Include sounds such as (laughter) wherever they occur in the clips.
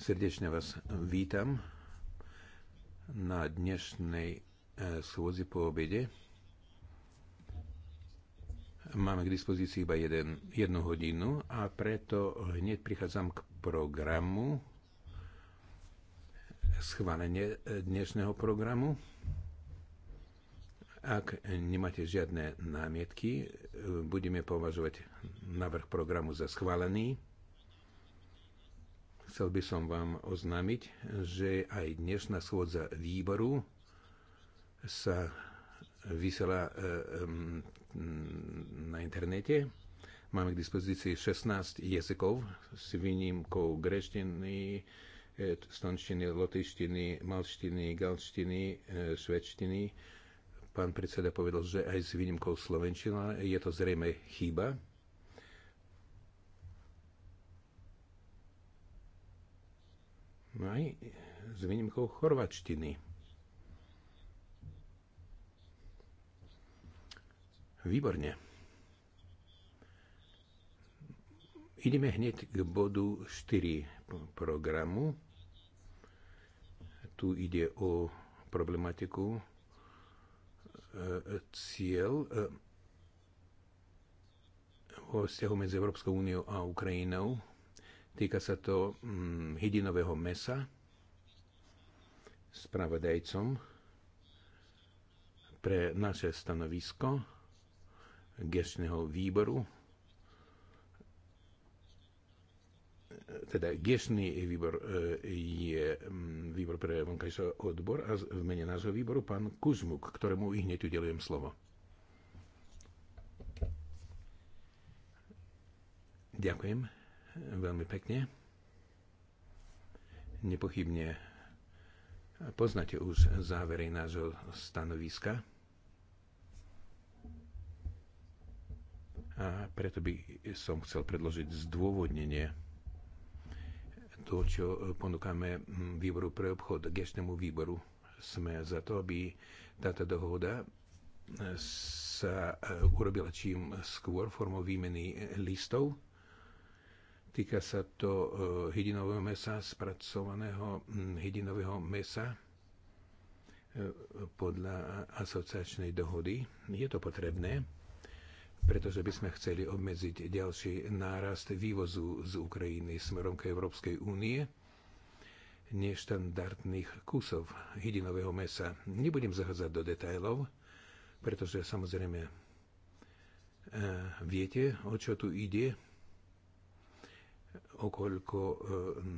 Srdečne vás vítam na dnešnej e, schôdzi po obede. Máme k dispozícii iba jeden, jednu hodinu a preto hneď prichádzam k programu schválenie e, dnešného programu. Ak nemáte žiadne námietky, e, budeme považovať návrh programu za schválený. Chcel by som vám oznámiť, že aj dnešná schôdza výboru sa vysiela e, na internete. Máme k dispozícii 16 jazykov s výnimkou greštiny, e, stonštiny, lotyštiny, malštiny, galštiny, e, švedštiny. Pán predseda povedal, že aj s výnimkou slovenčina je to zrejme chyba No aj s výnimkou chorvačtiny. Výborne. Ideme hneď k bodu 4 programu. Tu ide o problematiku e, cieľ e, o vzťahu medzi Európskou úniou a Ukrajinou Týka sa to mm, hydinového mesa. pravodajcom pre naše stanovisko gešného výboru teda gešný výbor e, je mm, výbor pre vonkajšie odbor a v mene nášho výboru pán Kuzmuk, ktorému i hneď udelujem slovo. Ďakujem veľmi pekne. Nepochybne poznáte už závery nášho stanoviska. A preto by som chcel predložiť zdôvodnenie to, čo ponúkame výboru pre obchod, gešnému výboru. Sme za to, aby táto dohoda sa urobila čím skôr formou výmeny listov Týka sa to eh, hydinového mesa, spracovaného hm, hydinového mesa eh, podľa asociačnej dohody. Je to potrebné, pretože by sme chceli obmedziť ďalší nárast vývozu z Ukrajiny smerom k Európskej únie neštandardných kusov hydinového mesa. Nebudem zahádzať do detajlov, pretože samozrejme eh, viete, o čo tu ide okoľko e,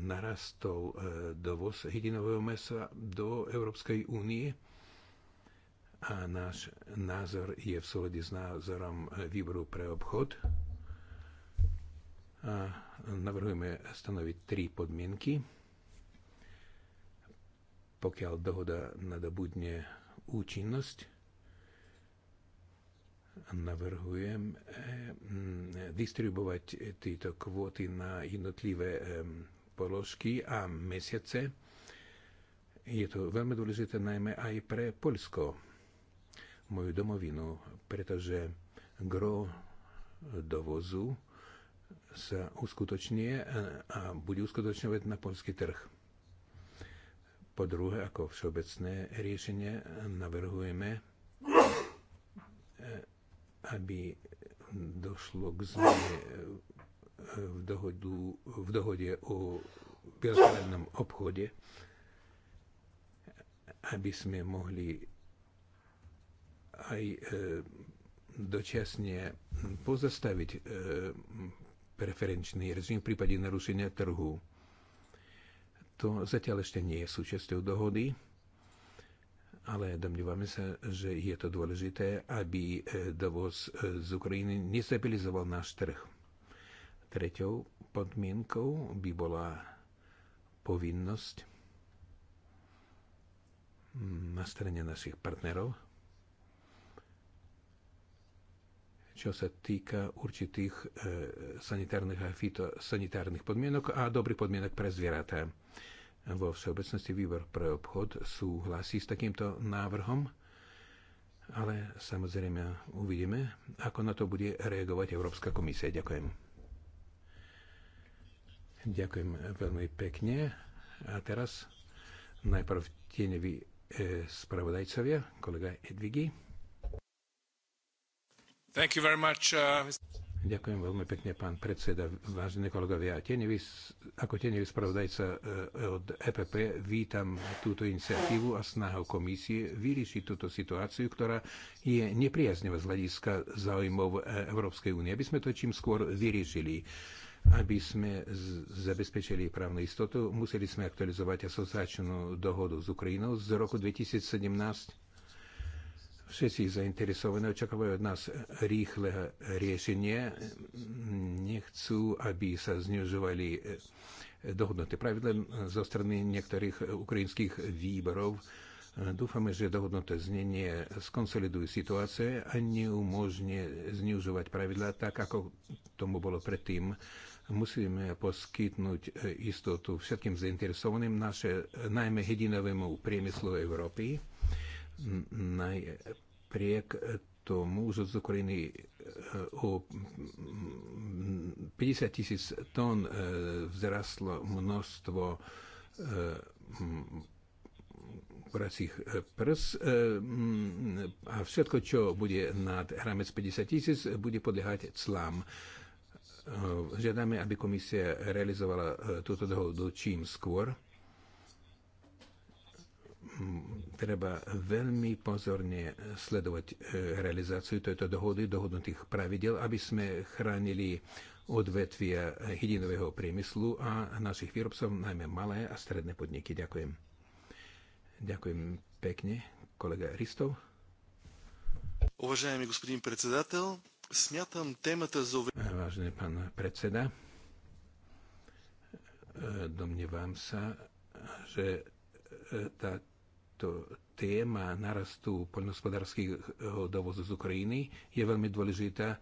narastol e, dovoz hydinového mesa do Európskej únie a náš názor je v súlade s názorom e, výboru pre obchod. A navrhujeme stanoviť tri podmienky. Pokiaľ dohoda nadobudne účinnosť, navrhujem, distribuovať eh, tieto kvóty na jednotlivé položky a mesiace. Je to veľmi dôležité najmä aj pre Polsko, moju domovinu, pretože gro dovozu sa uskutočňuje eh, a bude uskutočňovať na polský trh. Po druhé, ako všeobecné riešenie, navrhujeme, eh, aby došlo k zmene e, v, dohodu, v dohode o bilaterálnom obchode, aby sme mohli aj e, dočasne pozastaviť e, preferenčný režim v prípade narušenia trhu. To zatiaľ ešte nie je súčasťou dohody ale domnívame sa, že je to dôležité, aby e, dovoz e, z Ukrajiny nestabilizoval náš trh. Treťou podmienkou by bola povinnosť mm, na strane našich partnerov, čo sa týka určitých e, sanitárnych a fitosanitárnych podmienok a dobrých podmienok pre zvieratá vo všeobecnosti výbor pre obchod súhlasí s takýmto návrhom, ale samozrejme uvidíme, ako na to bude reagovať Európska komisia. Ďakujem. Ďakujem veľmi pekne. A teraz najprv tieňový e, spravodajcovia, kolega Edvigi. Thank you very much, uh... Mr. Ďakujem veľmi pekne, pán predseda. Vážení kolegovia, tenivý, ako tenevý spravodajca e, od EPP vítam túto iniciatívu a snahu komisie vyriešiť túto situáciu, ktorá je nepriaznevá z hľadiska záujmov e, Európskej únie, aby sme to čím skôr vyriešili. Aby sme zabezpečili právnu istotu, museli sme aktualizovať asociačnú dohodu s Ukrajinou z roku 2017 Všetci zainteresovaní očakávajú od nás rýchle riešenie. Nechcú, aby sa znižovali eh, dohodnuté pravidla zo strany niektorých ukrajinských výborov. Dúfame, že dohodnuté znenie skonsoliduje situácie a neumožne znižovať pravidla tak, ako tomu bolo predtým. Musíme poskytnúť eh, istotu všetkým zainteresovaným, naše, najmä hedinovému priemyslu Európy napriek tomu už z Ukrajiny e, o 50 tisíc tón e, vzrastlo množstvo e, kuracích prs a všetko, čo bude nad hramec 50 tisíc, bude podliehať clám. Žiadame, aby komisia realizovala túto dohodu čím skôr treba veľmi pozorne sledovať e, realizáciu tejto dohody, dohodnutých pravidel, aby sme chránili odvetvia hydinového priemyslu a našich výrobcov, najmä malé a stredné podniky. Ďakujem. Ďakujem pekne. Kolega Ristov. Уважаеми господин председател, смятам темата за... Важный pán predseda, e, domnievam sa, že e, tá týchto tém a narastu poľnohospodárskeho dovozu z Ukrajiny je veľmi dôležitá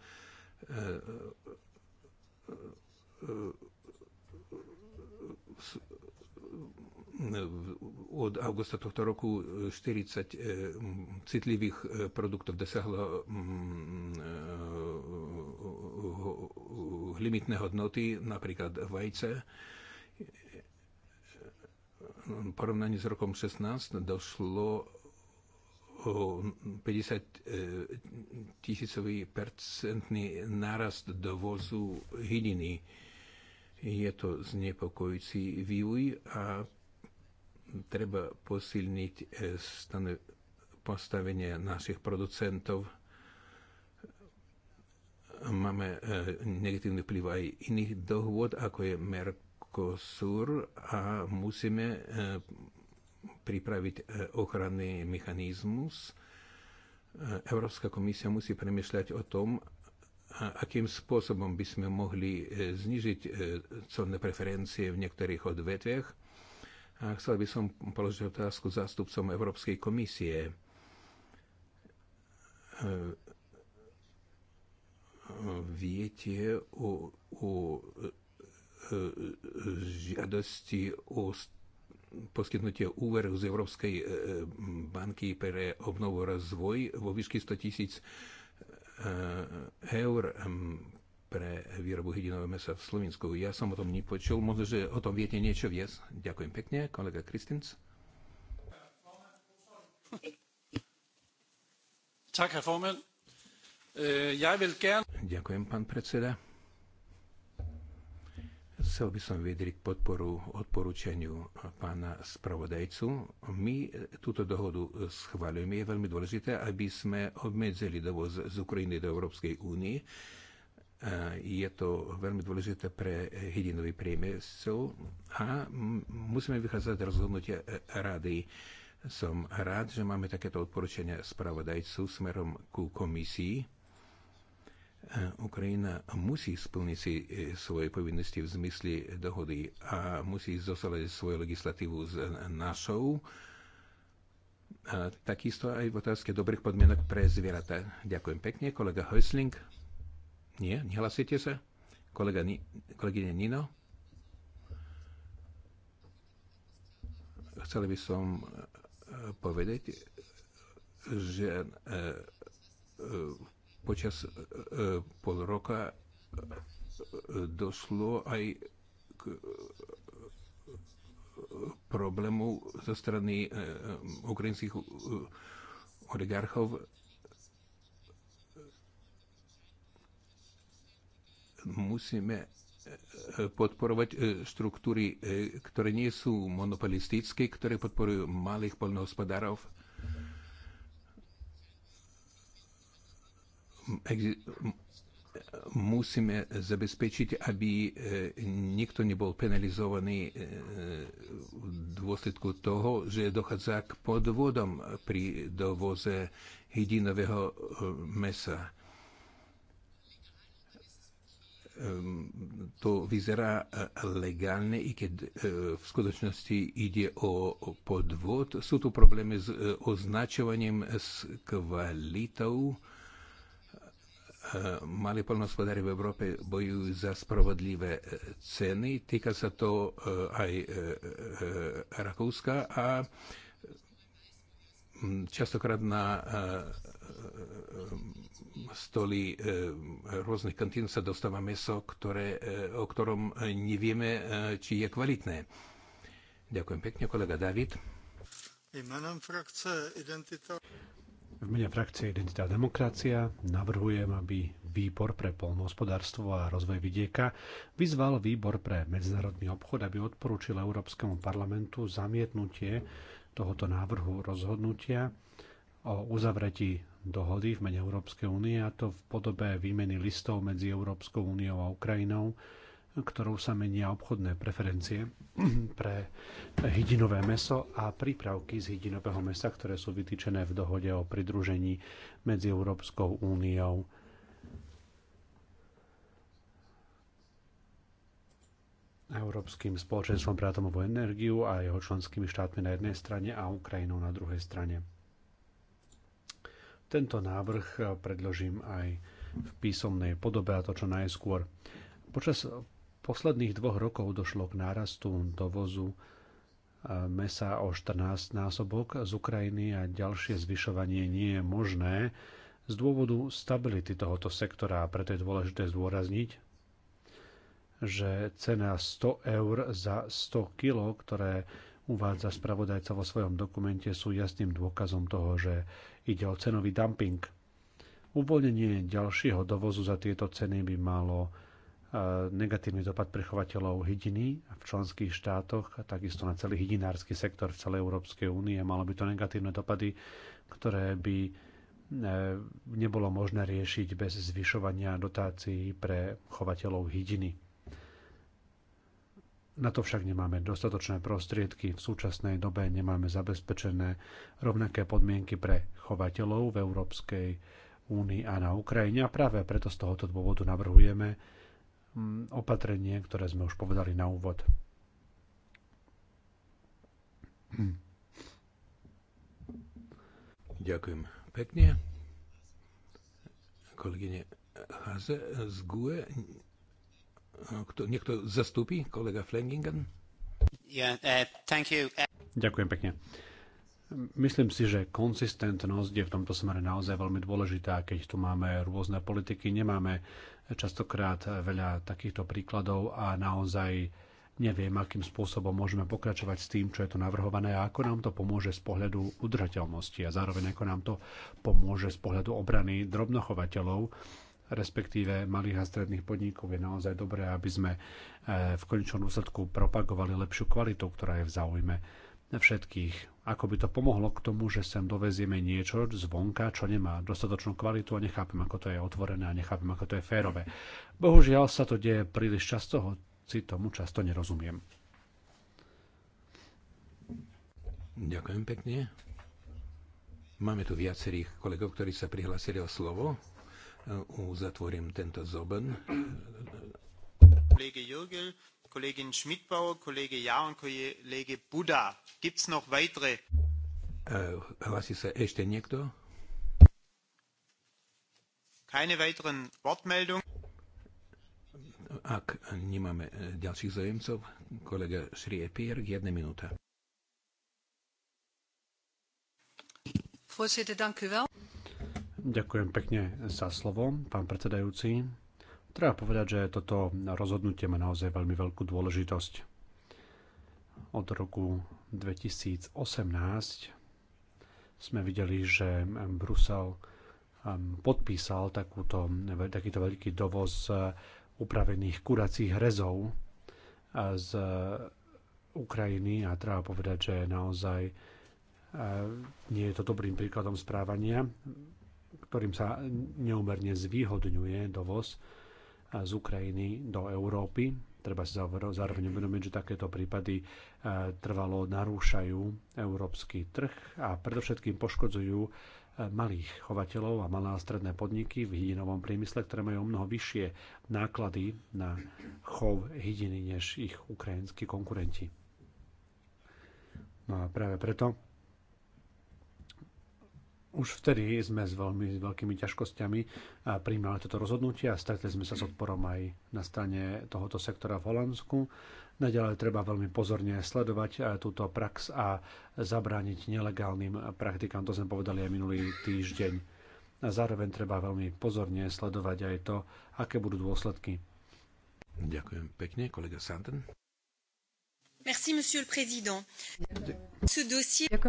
od augusta tohto roku 40 citlivých produktov dosiahlo limitné hodnoty, napríklad vajce porovnaní s rokom 16 došlo o 50 e, tisícový percentný nárast dovozu hydiny. Je to znepokojúci vývoj a treba posilniť e, postavenie našich producentov. Máme e, negatívny vplyv aj iných dohôd, ako je Merc Mercosur a musíme e, pripraviť e, ochranný mechanizmus. E, Európska komisia musí premyšľať o tom, akým spôsobom by sme mohli znižiť colné preferencie v niektorých odvetviach. A chcel by som položiť otázku zástupcom Európskej komisie. Viete o, o E, e, žiadosti o poskytnutie úveru z Európskej e, banky pre obnovu rozvoj vo výške 100 tisíc eur pre výrobu hydinového mesa v Slovensku. Ja som o tom nepočul, možno, že o tom viete niečo viac. Ďakujem pekne, kolega Kristins. Ďakujem, pán predseda. Chcel by som vyjadriť podporu odporúčaniu pána spravodajcu. My túto dohodu schváľujeme. Je veľmi dôležité, aby sme obmedzili dovoz z Ukrajiny do Európskej únie. Je to veľmi dôležité pre hydinový priemysel a musíme vychádzať z rozhodnutia rady. Som rád, že máme takéto odporúčania spravodajcu smerom ku komisii E, Ukrajina musí splniť si e, svoje povinnosti v zmysle dohody a musí zosolať svoju legislatívu s našou. A takisto aj v otázke dobrých podmienok pre zvieratá. Ďakujem pekne. Kolega Hösling? Nie? Nehlasíte sa? Kolega Ni- kolegyne Nino? Chcel by som e, povedať, že v Počas e, e, pol roka e, došlo aj k problému zo strany ukrajinských oligarchov musíme podporovať štruktúry, ktoré nie sú monopolistické, ktoré podporujú malých poľnohospodárov musíme zabezpečiť, aby e, nikto nebol penalizovaný e, v dôsledku toho, že dochádza k podvodom pri dovoze hydinového e, mesa. Ehm, to vyzerá legálne, i keď v skutočnosti ide o podvod. Sú tu problémy s označovaním, s kvalitou Eh, mali polnospodári v Európe bojujú za spravodlivé eh, ceny. Týka sa to eh, aj Rakúska a hm, častokrát na stoli rôznych kantín sa dostáva meso, ktoré, o ktorom nevieme, či je kvalitné. Ďakujem pekne, kolega David. Jménem frakce Identita v mene frakcie Identita a demokracia navrhujem, aby Výbor pre polnohospodárstvo a rozvoj vidieka vyzval Výbor pre medzinárodný obchod, aby odporúčil Európskemu parlamentu zamietnutie tohoto návrhu rozhodnutia o uzavretí dohody v mene Európskej únie a to v podobe výmeny listov medzi Európskou úniou a Ukrajinou ktorou sa menia obchodné preferencie (clears throat) pre hydinové meso a prípravky z hydinového mesa, ktoré sú vytýčené v dohode o pridružení medzi Európskou úniou Európskym spoločenstvom pre atomovú energiu a jeho členskými štátmi na jednej strane a Ukrajinou na druhej strane. Tento návrh predložím aj v písomnej podobe a to čo najskôr. Počas posledných dvoch rokov došlo k nárastu dovozu e, mesa o 14 násobok z Ukrajiny a ďalšie zvyšovanie nie je možné z dôvodu stability tohoto sektora a preto je dôležité zdôrazniť, že cena 100 eur za 100 kg, ktoré uvádza spravodajca vo svojom dokumente, sú jasným dôkazom toho, že ide o cenový dumping. Uvoľnenie ďalšieho dovozu za tieto ceny by malo E, negatívny dopad pre chovateľov hydiny v členských štátoch a takisto na celý hydinársky sektor v celej Európskej únie. Malo by to negatívne dopady, ktoré by e, nebolo možné riešiť bez zvyšovania dotácií pre chovateľov hydiny. Na to však nemáme dostatočné prostriedky. V súčasnej dobe nemáme zabezpečené rovnaké podmienky pre chovateľov v Európskej únii a na Ukrajine a práve preto z tohoto dôvodu navrhujeme Mm, opatrenie, ktoré sme už povedali na úvod. Hm. Ďakujem pekne. Kolegyne Haze z GUE. Kto, niekto zastúpi? Kolega Flengingen? Yeah, uh, thank you. Ďakujem pekne. Uh, Myslím si, že konzistentnosť je v tomto smere naozaj veľmi dôležitá. Keď tu máme rôzne politiky, nemáme častokrát veľa takýchto príkladov a naozaj neviem, akým spôsobom môžeme pokračovať s tým, čo je tu navrhované a ako nám to pomôže z pohľadu udržateľnosti a zároveň ako nám to pomôže z pohľadu obrany drobnochovateľov, respektíve malých a stredných podnikov je naozaj dobré, aby sme eh, v konečnom úsledku propagovali lepšiu kvalitu, ktorá je v záujme všetkých. Ako by to pomohlo k tomu, že sem dovezieme niečo zvonka, čo nemá dostatočnú kvalitu a nechápem, ako to je otvorené a nechápem, ako to je férové. Bohužiaľ sa to deje príliš často, hoci tomu často nerozumiem. Ďakujem pekne. Máme tu viacerých kolegov, ktorí sa prihlásili o slovo. E, uzatvorím tento zoben. Kollegin Schmidbauer, Kollege Jahr und Kollege Buda. Gibt es noch weitere? Hlasí äh, sa ešte niekto? Keine weiteren Wortmeldungen. Ak nemáme äh, ďalších zajemcov, kolega Šriepier, jedna minúta. Ďakujem pekne za slovo, pán predsedajúci. Treba povedať, že toto rozhodnutie má naozaj veľmi veľkú dôležitosť. Od roku 2018 sme videli, že Brusel um, podpísal takúto, takýto veľký dovoz uh, upravených kuracích rezov uh, z Ukrajiny a treba povedať, že naozaj uh, nie je to dobrým príkladom správania, ktorým sa neúmerne zvýhodňuje dovoz z Ukrajiny do Európy. Treba si zároveň uvedomiť, že takéto prípady e, trvalo narúšajú európsky trh a predovšetkým poškodzujú e, malých chovateľov a malé a stredné podniky v hydinovom priemysle, ktoré majú mnoho vyššie náklady na chov hydiny než ich ukrajinskí konkurenti. No a práve preto už vtedy sme s veľmi veľkými ťažkosťami eh, príjmali toto rozhodnutie a stretli sme sa s odporom aj na strane tohoto sektora v Holandsku. Naďalej treba veľmi pozorne sledovať eh, túto prax a zabrániť nelegálnym praktikám. To sme povedali aj minulý týždeň. A zároveň treba veľmi pozorne sledovať aj to, aké budú dôsledky. Ďakujem pekne, kolega Santen. Ďakujem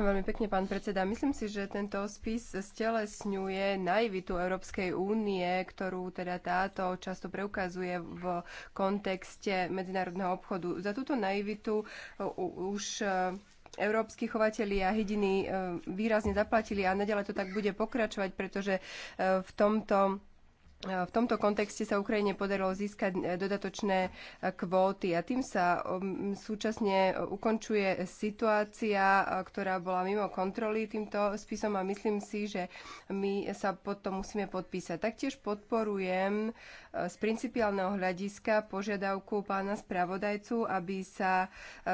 veľmi pekne, pán predseda. Myslím si, že tento spis stelesňuje naivitu Európskej únie, ktorú teda táto často preukazuje v kontexte medzinárodného obchodu. Za túto naivitu e, už e, európsky chovatelia hydiny e, výrazne zaplatili a naďalej to tak bude pokračovať, pretože v tomto v tomto kontexte sa Ukrajine podarilo získať eh, dodatočné eh, kvóty a tým sa um, súčasne eh, ukončuje situácia, ktorá bola mimo kontroly týmto spisom a myslím si, že my sa pod to musíme podpísať. Taktiež podporujem z principiálneho hľadiska požiadavku pána spravodajcu, aby sa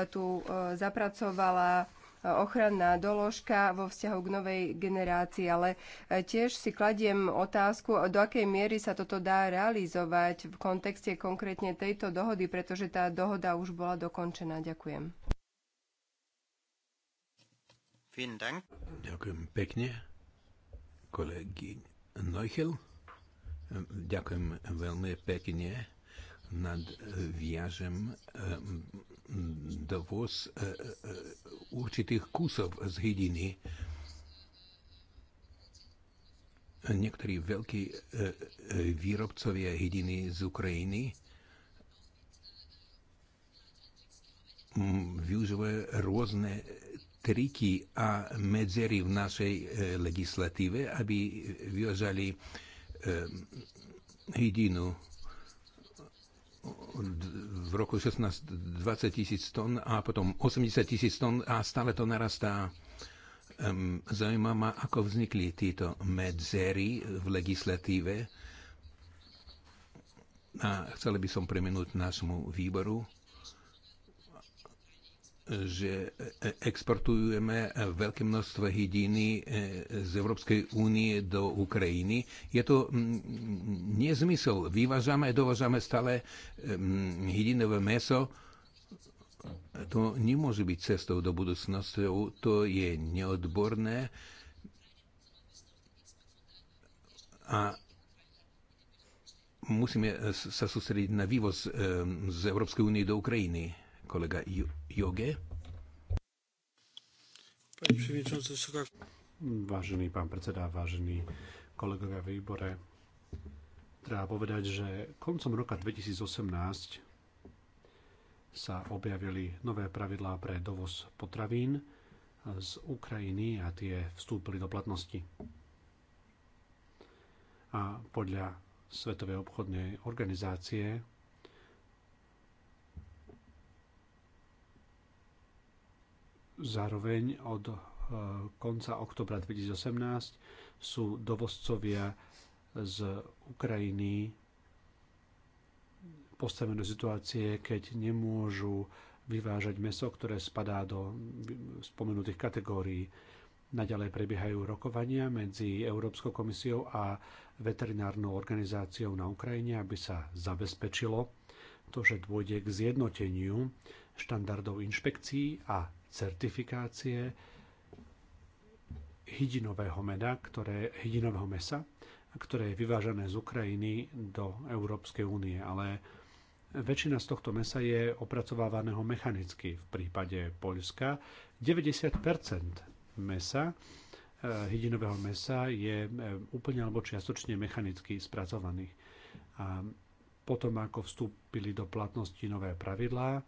tu zapracovala ochranná doložka vo vzťahu k novej generácii, ale e, tiež si kladiem otázku, do akej miery sa toto dá realizovať v kontexte konkrétne tejto dohody, pretože tá dohoda už bola dokončená. Ďakujem. Ďakujem pekne, kolegy Neuchel. Ďakujem veľmi pekne nadviažem e, dovoz e, e, určitých kusov z hydiny. Niektorí veľkí e, výrobcovia hydiny z Ukrajiny mm, využívajú rôzne triky a medzery v našej legislatíve, aby vyvážali hydinu v roku 16 20 tisíc tón a potom 80 tisíc tón a stále to narastá. Zaujíma ma, ako vznikli títo medzery v legislatíve. A chcel by som premenúť nášmu výboru že e, exportujeme veľké množstvo hydiny e, z Európskej únie do Ukrajiny. Je to nezmysel. Vyvážame a dovážame stále e, hydinové meso. To nemôže byť cestou do budúcnosti. To je neodborné. A musíme sa sústrediť na vývoz z Európskej únie do Ukrajiny kolega Joge. Vážený pán predseda, vážení kolegovia výbore, treba povedať, že koncom roka 2018 sa objavili nové pravidlá pre dovoz potravín z Ukrajiny a tie vstúpili do platnosti. A podľa Svetovej obchodnej organizácie Zároveň od e, konca oktobra 2018 sú dovozcovia z Ukrajiny postavené do situácie, keď nemôžu vyvážať meso, ktoré spadá do spomenutých kategórií. Naďalej prebiehajú rokovania medzi Európskou komisiou a veterinárnou organizáciou na Ukrajine, aby sa zabezpečilo to, že dôjde k zjednoteniu štandardov inšpekcií a certifikácie hydinového meda, ktoré, hydinového mesa, ktoré je vyvážané z Ukrajiny do Európskej únie, ale väčšina z tohto mesa je opracovávaného mechanicky. V prípade Poľska 90% mesa, e, hydinového mesa je e, úplne alebo čiastočne mechanicky spracovaných. A potom, ako vstúpili do platnosti nové pravidlá,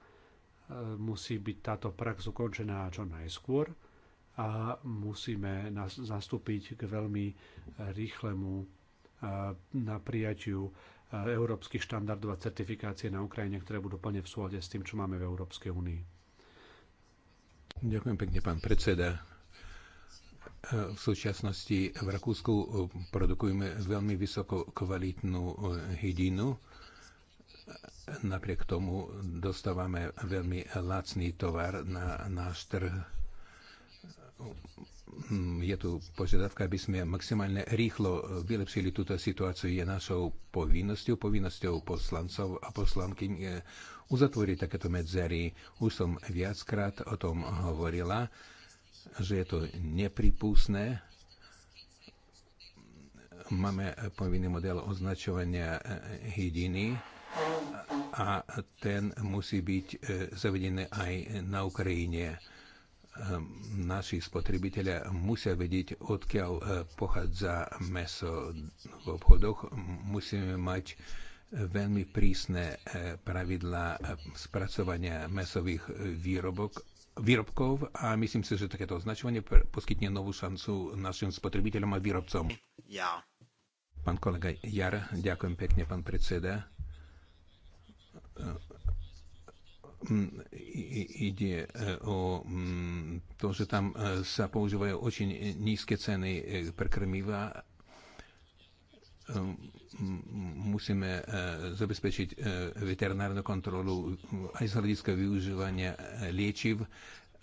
musí byť táto prax ukončená čo najskôr a musíme nastúpiť k veľmi e, rýchlemu e, na prijatiu e, európskych štandardov a certifikácie na Ukrajine, ktoré budú plne v súlade s tým, čo máme v Európskej únii. Ďakujem pekne, pán predseda. V súčasnosti v Rakúsku produkujeme veľmi vysoko kvalitnú hydinu Napriek tomu dostávame veľmi lacný tovar na náš trh. Je tu požiadavka, aby sme maximálne rýchlo vylepšili túto situáciu. Je našou povinnosťou, povinnosťou poslancov a poslanky eh, uzatvoriť takéto medzery. Už som viackrát o tom hovorila, že je to nepripustné, máme povinný model označovania eh, eh, hydiny a ten musí byť e, zavedený aj na Ukrajine. E, naši spotrebitelia musia vedieť, odkiaľ e, pochádza meso v obchodoch. Musíme mať veľmi prísne pravidla spracovania mesových výrobok výrobkov a myslím si, že takéto označovanie poskytne novú šancu našim spotrebiteľom a výrobcom. Ja. Pán kolega Jar, ďakujem pekne, pán predseda. Mm, ide e, o mm, to, že tam e, sa používajú очень nízke ceny e, pre krmiva. Ehm, musíme zabezpečiť veterinárnu kontrolu aj z hľadiska využívania liečiv.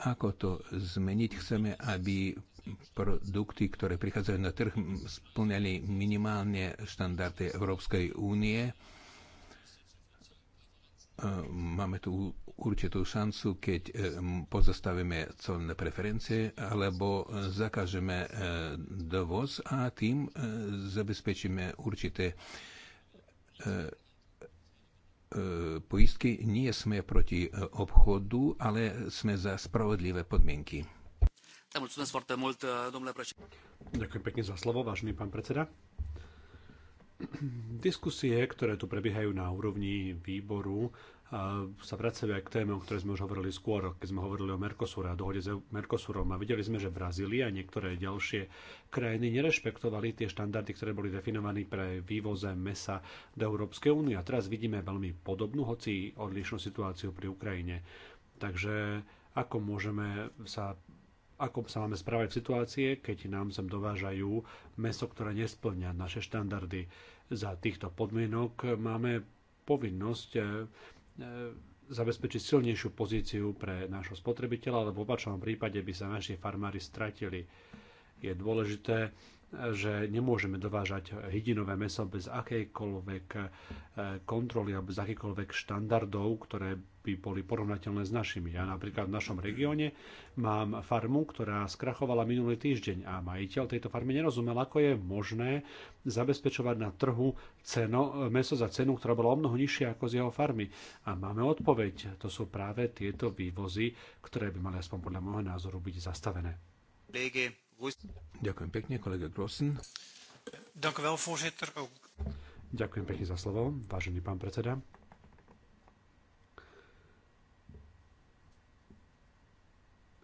Ako to zmeniť? Chceme, aby produkty, ktoré prichádzajú na trh, splňali minimálne štandardy Európskej únie máme tu určitú šancu, keď e, pozastavíme colné preferencie alebo zakážeme e, dovoz a tým e, zabezpečíme určité poistky. Nie sme proti obchodu, ale sme za spravodlivé podmienky. Ďakujem pekne za slovo, vážený pán predseda. Diskusie, ktoré tu prebiehajú na úrovni výboru, sa vracajú aj k téme, o ktorej sme už hovorili skôr, keď sme hovorili o Mercosure a dohode s Mercosurom. A videli sme, že Brazília a niektoré ďalšie krajiny nerešpektovali tie štandardy, ktoré boli definované pre vývoze mesa do Európskej únie. A teraz vidíme veľmi podobnú, hoci odlišnú situáciu pri Ukrajine. Takže ako môžeme sa ako sa máme správať v situácie, keď nám sem dovážajú meso, ktoré nesplňa naše štandardy. Za týchto podmienok máme povinnosť e, e, zabezpečiť silnejšiu pozíciu pre nášho spotrebiteľa, ale v opačnom prípade by sa naši farmári stratili. Je dôležité, e, že nemôžeme dovážať hydinové meso bez akejkoľvek kontroly alebo bez akýchkoľvek štandardov, ktoré by boli porovnateľné s našimi. Ja napríklad v našom regióne mám farmu, ktorá skrachovala minulý týždeň a majiteľ tejto farmy nerozumel, ako je možné zabezpečovať na trhu ceno, meso za cenu, ktorá bola o mnoho nižšia ako z jeho farmy. A máme odpoveď. To sú práve tieto vývozy, ktoré by mali aspoň podľa môjho názoru byť zastavené. Ďakujem pekne, kolega Grossen. Ďakujem pekne za slovo, vážený pán predseda.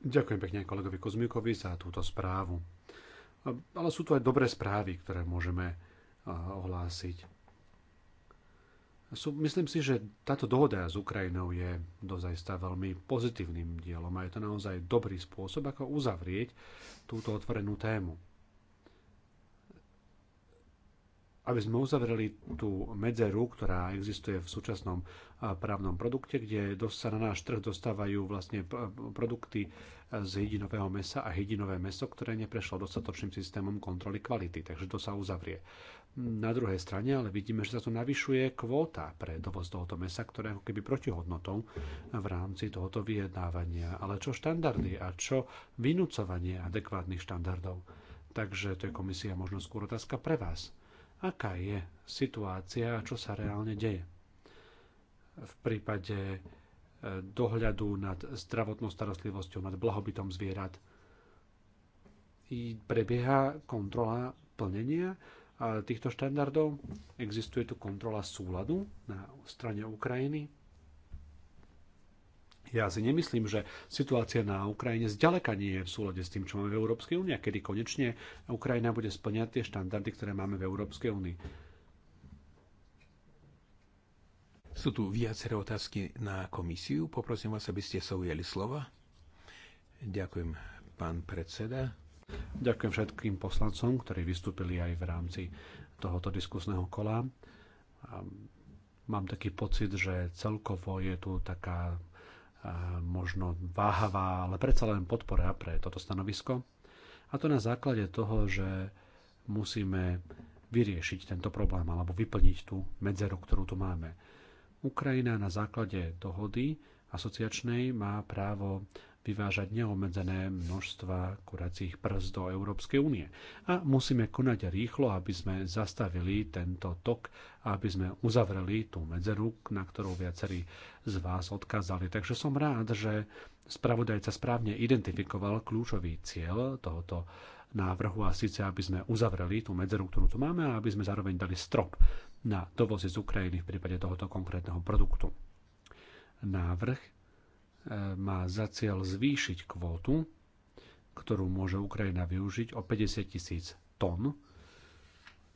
Ďakujem pekne kolegovi Kozmíkovi za túto správu. Ale sú tu aj dobré správy, ktoré môžeme ohlásiť. Sú, myslím si, že táto dohoda s Ukrajinou je dozajsta veľmi pozitívnym dielom a je to naozaj dobrý spôsob, ako uzavrieť túto otvorenú tému. aby sme uzavreli tú medzeru, ktorá existuje v súčasnom právnom produkte, kde sa na náš trh dostávajú vlastne produkty e, z hydinového mesa a hydinové meso, ktoré neprešlo dostatočným systémom kontroly kvality, takže to sa uzavrie. Na druhej strane ale vidíme, že sa tu navyšuje kvóta pre dovoz tohoto mesa, ktoré ako keby protihodnotou v rámci tohoto vyjednávania. Ale čo štandardy a čo vynúcovanie adekvátnych štandardov? Takže to je komisia možno skôr otázka pre vás aká je situácia a čo sa reálne deje. V prípade e, dohľadu nad zdravotnou starostlivosťou, nad blahobytom zvierat. prebieha kontrola plnenia týchto štandardov. Existuje tu kontrola súladu na strane Ukrajiny ja si nemyslím, že situácia na Ukrajine zďaleka nie je v súlade s tým, čo máme v Európskej únii, a kedy konečne Ukrajina bude splňať tie štandardy, ktoré máme v Európskej únii. Sú tu viaceré otázky na komisiu. Poprosím vás, aby ste sa ujeli slova. Ďakujem, pán predseda. Ďakujem všetkým poslancom, ktorí vystúpili aj v rámci tohoto diskusného kola. Mám taký pocit, že celkovo je tu taká možno váhavá, ale predsa len podpora pre toto stanovisko. A to na základe toho, že musíme vyriešiť tento problém alebo vyplniť tú medzeru, ktorú tu máme. Ukrajina na základe dohody asociačnej má právo vyvážať neobmedzené množstva kuracích prst do Európskej únie. A musíme konať rýchlo, aby sme zastavili tento tok a aby sme uzavreli tú medzeru, na ktorú viacerí z vás odkázali. Takže som rád, že spravodajca správne identifikoval kľúčový cieľ tohoto návrhu a síce, aby sme uzavreli tú medzeru, ktorú tu máme a aby sme zároveň dali strop na dovozy z Ukrajiny v prípade tohoto konkrétneho produktu. Návrh E, má za cieľ zvýšiť kvótu, ktorú môže Ukrajina využiť o 50 tisíc tón.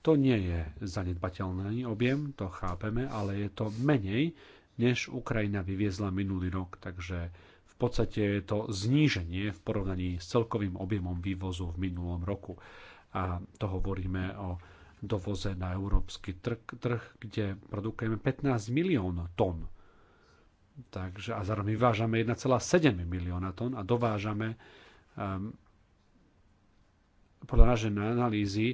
To nie je zanedbateľný objem, to chápeme, ale je to menej, než Ukrajina vyviezla minulý rok, takže v podstate je to zníženie v porovnaní s celkovým objemom vývozu v minulom roku. A to hovoríme o dovoze na európsky trh, trh kde produkujeme 15 milión tón Takže, a zároveň vyvážame 1,7 milióna tón a dovážame um, podľa našej analýzy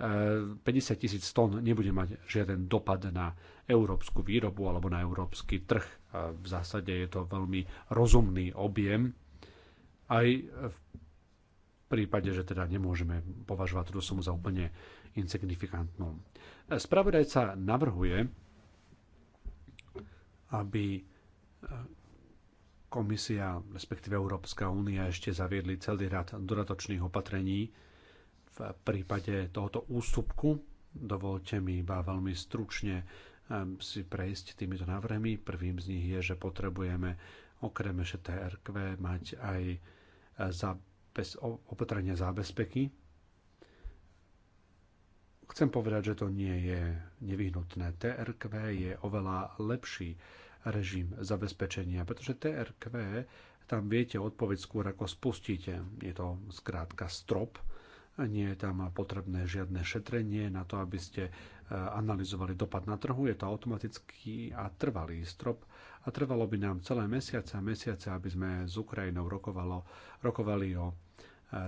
50 ehm, tisíc tón nebude mať žiaden dopad na európsku výrobu alebo na európsky trh. V zásade je to veľmi rozumný objem. Aj v prípade, že teda nemôžeme považovať túto sumu za úplne insignifikantnú. Spravodajca navrhuje, aby Komisia, respektíve Európska únia ešte zaviedli celý rad dodatočných opatrení v prípade tohoto ústupku. Dovolte mi iba veľmi stručne ehm, si prejsť týmito návrhmi. Prvým z nich je, že potrebujeme okrem ŠTRQ mať aj e, zábez, opatrenia zábezpeky. Chcem povedať, že to nie je nevyhnutné. TRQ je oveľa lepší režim zabezpečenia, pretože TRQ tam viete odpoveď skôr ako spustíte. Je to zkrátka strop, nie je tam potrebné žiadne šetrenie na to, aby ste e, analyzovali dopad na trhu. Je to automatický a trvalý strop a trvalo by nám celé mesiace a mesiace, aby sme s Ukrajinou rokovali o e,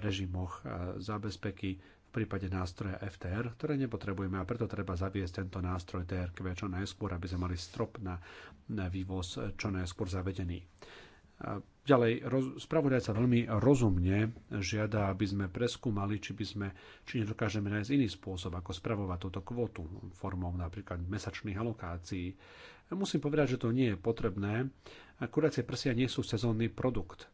režimoch e, zabezpeky prípade nástroja FTR, ktoré nepotrebujeme a preto treba zaviesť tento nástroj TRQ čo najskôr, aby sme mali strop na, na vývoz čo najskôr zavedený. Ďalej, roz, spravodajca veľmi rozumne žiada, aby sme preskúmali, či, by sme, či nedokážeme nájsť iný spôsob, ako spravovať túto kvotu formou napríklad mesačných alokácií. Musím povedať, že to nie je potrebné. Kuracie prsia nie sú sezónny produkt.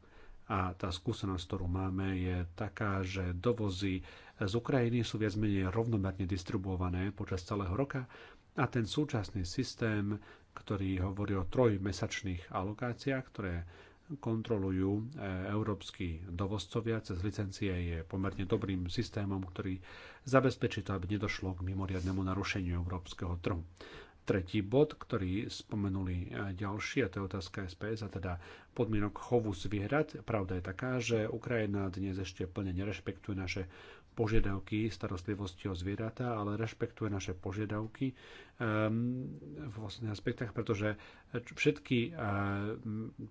A tá skúsenosť, ktorú máme, je taká, že dovozy z Ukrajiny sú viac menej rovnomerne distribuované počas celého roka a ten súčasný systém, ktorý hovorí o trojmesačných alokáciách, ktoré kontrolujú e, európsky dovozcovia cez licencie je pomerne dobrým systémom, ktorý zabezpečí to, aby nedošlo k mimoriadnemu narušeniu európskeho trhu. Tretí bod, ktorý spomenuli e, ďalší, a to je otázka SPS, a teda podmienok chovu zvierat. Pravda je taká, že Ukrajina dnes ešte plne nerešpektuje naše požiadavky starostlivosti o zvieratá, ale rešpektuje naše požiadavky Ehm, v ostatných aspektách, pretože eh, všetky eh,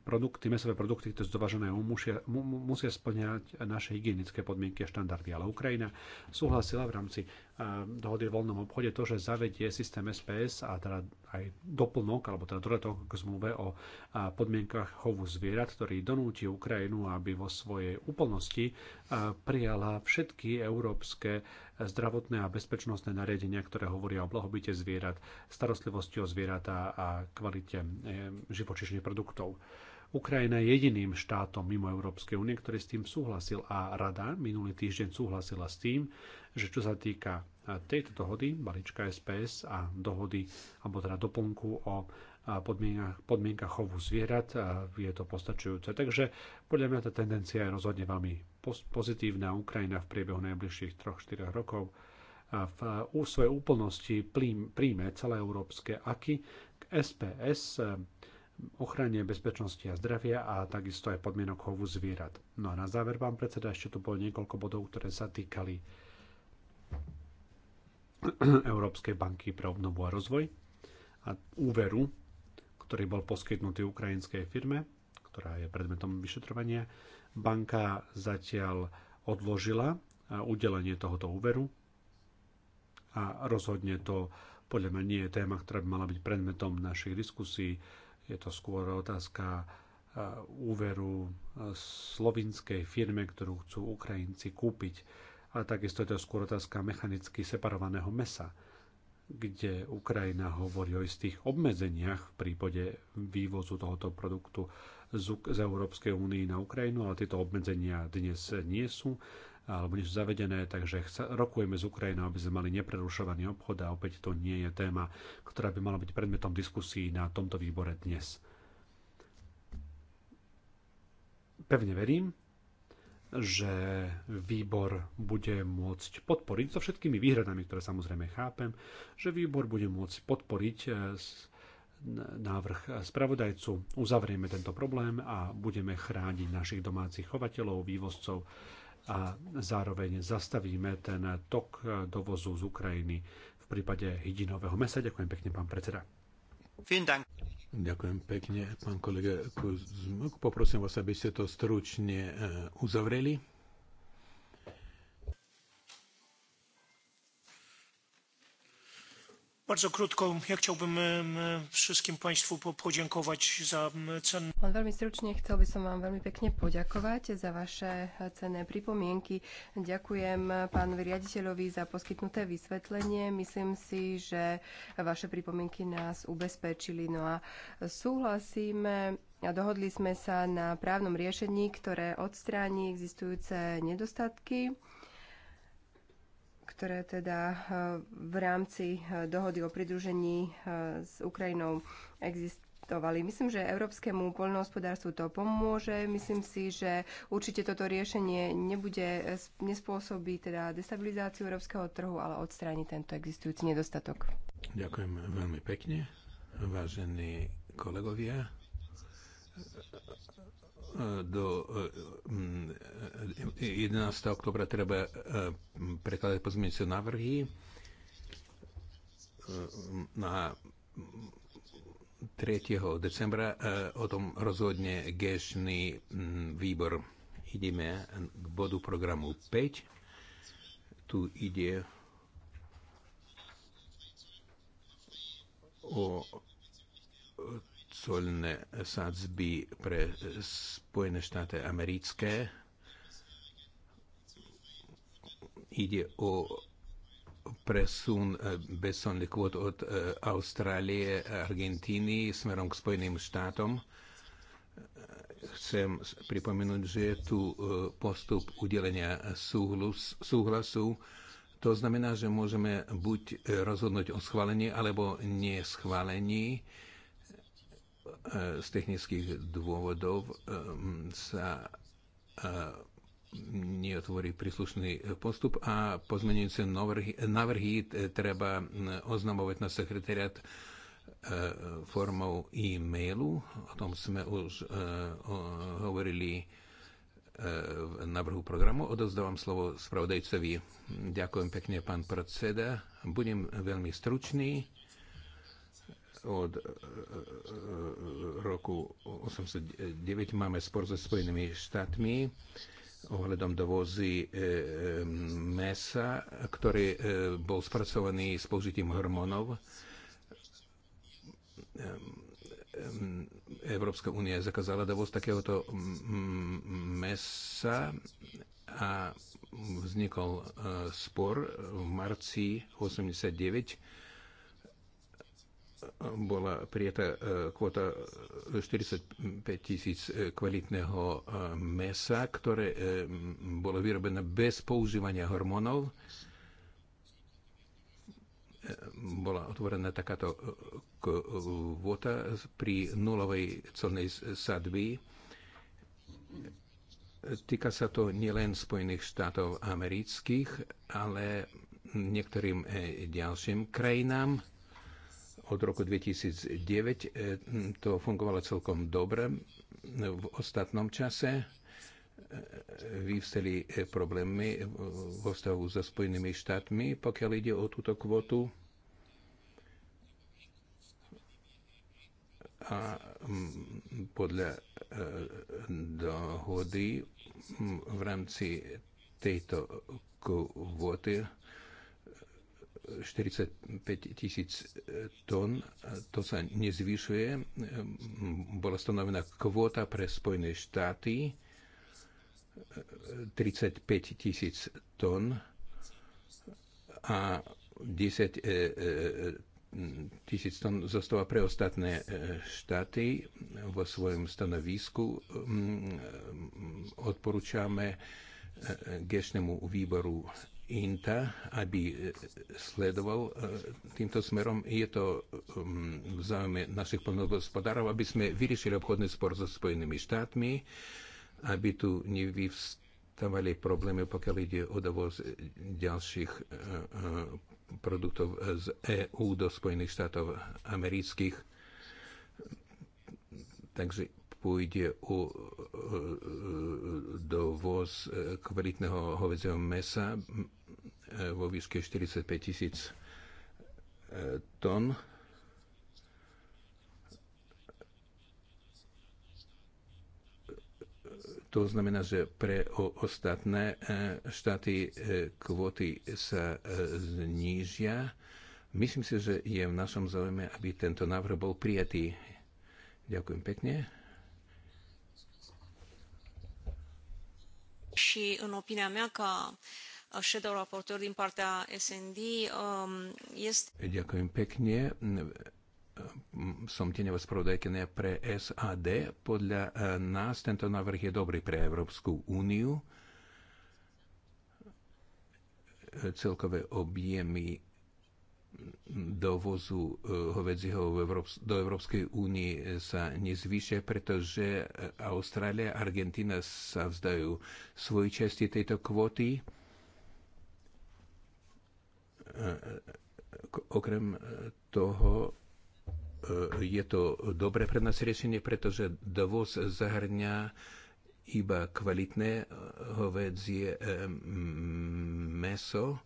produkty, mesové produkty, ktoré sú dovažené, musia, musia splňať naše hygienické podmienky a štandardy. Ale Ukrajina súhlasila v rámci eh, dohody o voľnom obchode to, že zavedie systém SPS a teda aj doplnok, alebo teda dodatok k zmluve o podmienkach chovu zvierat, ktorý donúti Ukrajinu, aby vo svojej úplnosti prijala všetky európske zdravotné a bezpečnostné nariadenia, ktoré hovoria o blahobite zvierat, starostlivosti o zvieratá a kvalite eh, živočišných produktov. Ukrajina je jediným štátom mimo Európskej únie, ktorý s tým súhlasil a rada minulý týždeň súhlasila s tým, že čo sa týka eh, tejto dohody, balíčka SPS a dohody, alebo teda doplnku o eh, podmienkach, podmienkach chovu zvierat, je to postačujúce. Takže podľa mňa tá tendencia je rozhodne veľmi pozitívna Ukrajina v priebehu najbližších 3-4 rokov a v svojej úplnosti príjme celé európske aky k SPS, eh, ochrane bezpečnosti a zdravia a takisto aj podmienok chovu zvierat. No a na záver, pán predseda, ešte tu bolo niekoľko bodov, ktoré sa týkali (clears throat) Európskej banky pre obnovu a rozvoj a úveru, ktorý bol poskytnutý ukrajinskej firme, ktorá je predmetom vyšetrovania Banka zatiaľ odložila e, udelenie tohoto úveru a rozhodne to podľa mňa nie je téma, ktorá by mala byť predmetom našich diskusí. Je to skôr otázka e, úveru e, slovinskej firme, ktorú chcú Ukrajinci kúpiť. A takisto je to skôr otázka mechanicky separovaného mesa, kde Ukrajina hovorí o istých obmedzeniach v prípade vývozu tohoto produktu z Európskej únie na Ukrajinu, ale tieto obmedzenia dnes nie sú alebo nie sú zavedené, takže rokujeme s Ukrajinou, aby sme mali neprerušovaný obchod a opäť to nie je téma, ktorá by mala byť predmetom diskusí na tomto výbore dnes. Pevne verím, že výbor bude môcť podporiť so všetkými výhradami, ktoré samozrejme chápem, že výbor bude môcť podporiť e, návrh spravodajcu. Uzavrieme tento problém a budeme chrániť našich domácich chovateľov, vývozcov a zároveň zastavíme ten tok dovozu z Ukrajiny v prípade hydinového mesa. Ďakujem pekne, pán predseda. Ďakujem pekne, pán kolega Kuzmuk. Poprosím vás, aby ste to stručne eh, uzavreli. Bardzo krótko, ja chciałbym wszystkim Państwu podziękować za cenne... Len veľmi stručne, chcel by som vám veľmi pekne poďakovať za vaše cenné pripomienky. Ďakujem pánovi riaditeľovi za poskytnuté vysvetlenie. Myslím si, že vaše pripomienky nás ubezpečili. No a súhlasíme a dohodli sme sa na právnom riešení, ktoré odstráni existujúce nedostatky ktoré teda e, v rámci e, dohody o pridružení e, s Ukrajinou existujú Myslím, že európskemu poľnohospodárstvu to pomôže. Myslím si, že určite toto riešenie nebude, nespôsobí teda destabilizáciu európskeho trhu, ale odstráni tento existujúci nedostatok. Ďakujem veľmi pekne, vážení kolegovia do 11. Eh, mm, oktobra treba eh, prekladať pozmeňujúce návrhy eh, na 3. decembra o tom rozhodne gešný mm, výbor. Ideme k bodu programu 5. Tu ide o colné sadzby pre Spojené štáty americké. Ide o presun e, bezsolných kvót od e, Austrálie a Argentíny smerom k Spojeným štátom. Chcem pripomenúť, že je tu e, postup udelenia súhlasu. To znamená, že môžeme buď rozhodnúť o schválení alebo neschválení schválení E, z technických dôvodov e, sa e, neotvorí príslušný postup a pozmenujúce navrhy, návrhy treba oznamovať na sekretariat formou e-mailu. O tom sme už hovorili v návrhu programu. Odozdávam slovo spravodajcovi. Ďakujem pekne, pán predseda. Budem veľmi stručný od e, e, e, roku 809 máme spor so Spojenými štátmi ohľadom dovozy mesa, ktorý bol spracovaný s použitím hormónov. Európska únia zakázala dovoz takéhoto mesa a vznikol spor v marci 89 bola prijatá e, kvota 45 e, tisíc e, kvalitného mesa, ktoré bolo vyrobené bez používania hormónov. Bola otvorená takáto kvota pri nulovej colnej sadby. Týka sa to nielen Spojených štátov amerických, ale niektorým ďalším krajinám od roku 2009 e, to fungovalo celkom dobre. V ostatnom čase e, vyvstali e, problémy vo vzťahu so Spojenými štátmi, pokiaľ ide o túto kvotu. A podľa dohody v rámci tejto kvoty. 45 tisíc tón, to sa nezvyšuje. Bola stanovená kvóta pre Spojené štáty 35 tisíc tón a 10 e, e, tisíc tón zostáva pre ostatné e, štáty. Vo svojom stanovisku mm, odporúčame gešnému výboru INTA, aby e, sledoval e, týmto smerom. Je to um, v záujme našich plnohospodárov, aby sme vyriešili obchodný spor so Spojenými štátmi, aby tu nevyvstávali problémy, pokiaľ ide o dovoz e, ďalších produktov z EÚ do Spojených štátov amerických. Takže pôjde o dovoz kvalitného hovedzieho mesa E, vo výške 45 tisíc e, tón. To znamená, že pre ostatné e, štáty kvóty sa znížia. Myslím si, že je v našom záujme, aby tento návrh bol prijatý. Ďakujem pekne. Și în opinia mea ca shadow din partea SND. Um, este... Ďakujem pekne. Som tieňová spravodajkynia pre SAD. Podľa eh, nás tento návrh je dobrý pre Európsku úniu. Celkové objemy dovozu eh, hovedzieho do Európskej únie sa nezvyšia, pretože eh, Austrália a Argentina sa vzdajú svojej časti tejto kvóty E, e, e, okrem toho je to dobré pre nás riešenie, pretože dovoz zahrňa iba kvalitné hovedzie meso,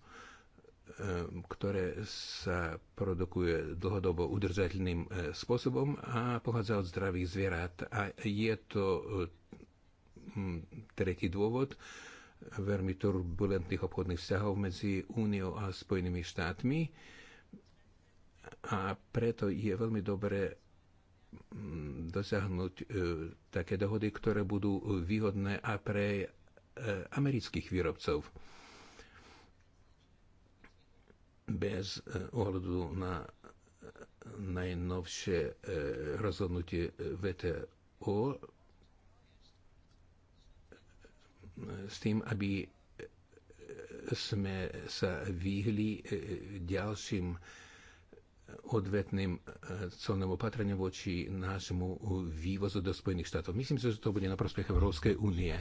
ktoré sa produkuje dlhodobo udržateľným spôsobom a pochádza od zdravých zvierat. A je to tretí dôvod, veľmi turbulentných obchodných vzťahov medzi Úniou a Spojenými štátmi a preto je veľmi dobré mm, dosiahnuť e, také dohody, ktoré budú výhodné a pre e, amerických výrobcov. Bez e, ohľadu na najnovšie rozhodnutie VTO s tým, aby sme sa vyhli e, e, ďalším odvetným e, colným opatreniam voči nášmu vývozu do Spojených štátov. Myslím si, že to bude na prospech Európskej únie.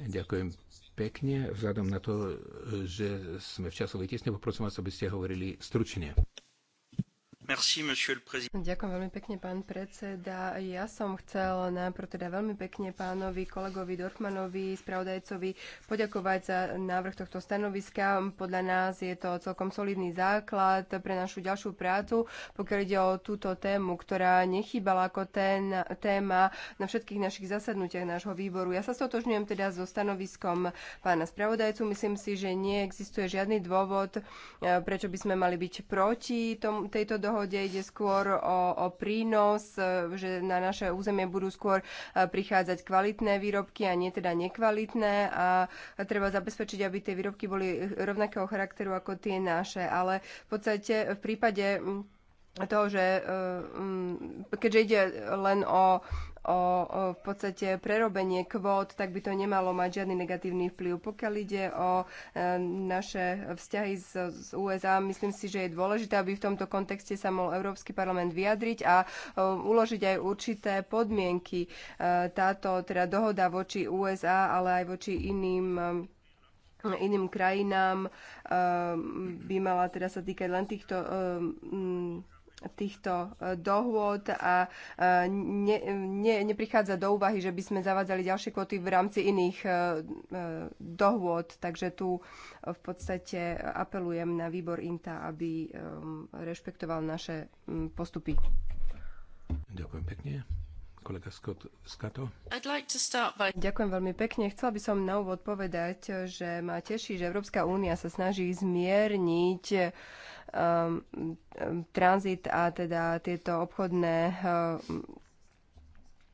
Ďakujem pekne. Vzhľadom na to, že sme v časovej tesne, poprosím vás, aby ste hovorili stručne. Merci, Ďakujem veľmi pekne, pán predseda. Ja som chcel najprv teda veľmi pekne pánovi kolegovi Dorfmanovi, spravodajcovi, poďakovať za návrh tohto stanoviska. Podľa nás je to celkom solidný základ pre našu ďalšiu prácu, pokiaľ ide o túto tému, ktorá nechýbala ako ten, téma na všetkých našich zasadnutiach nášho výboru. Ja sa stotožňujem teda so stanoviskom pána spravodajcu. Myslím si, že neexistuje žiadny dôvod, prečo by sme mali byť proti tom, tejto dohode východe ide skôr o, o prínos, e, že na naše územie budú skôr e, prichádzať kvalitné výrobky a nie teda nekvalitné a treba zabezpečiť, aby tie výrobky boli rovnakého charakteru ako tie naše. Ale v podstate v prípade to, že e, mm, keďže ide len o, o, o v podstate prerobenie kvót, tak by to nemalo mať žiadny negatívny vplyv. Pokiaľ ide o e, naše vzťahy z, z USA, myslím si, že je dôležité, aby v tomto kontexte sa mohol Európsky parlament vyjadriť a e, uložiť aj určité podmienky. Táto teda dohoda voči USA, ale aj voči iným iným krajinám by mala teda sa týkať len týchto týchto e, dohôd a e, ne, ne, neprichádza do úvahy, že by sme zavádzali ďalšie kvoty v rámci iných e, dohôd. Takže tu v podstate apelujem na výbor INTA, aby rešpektoval naše postupy. Ďakujem pekne. Kolega Scott Like by... Ďakujem veľmi pekne. Chcela by som na úvod povedať, že ma teší, že Európska únia sa snaží zmierniť um, tranzit a teda tieto obchodné um,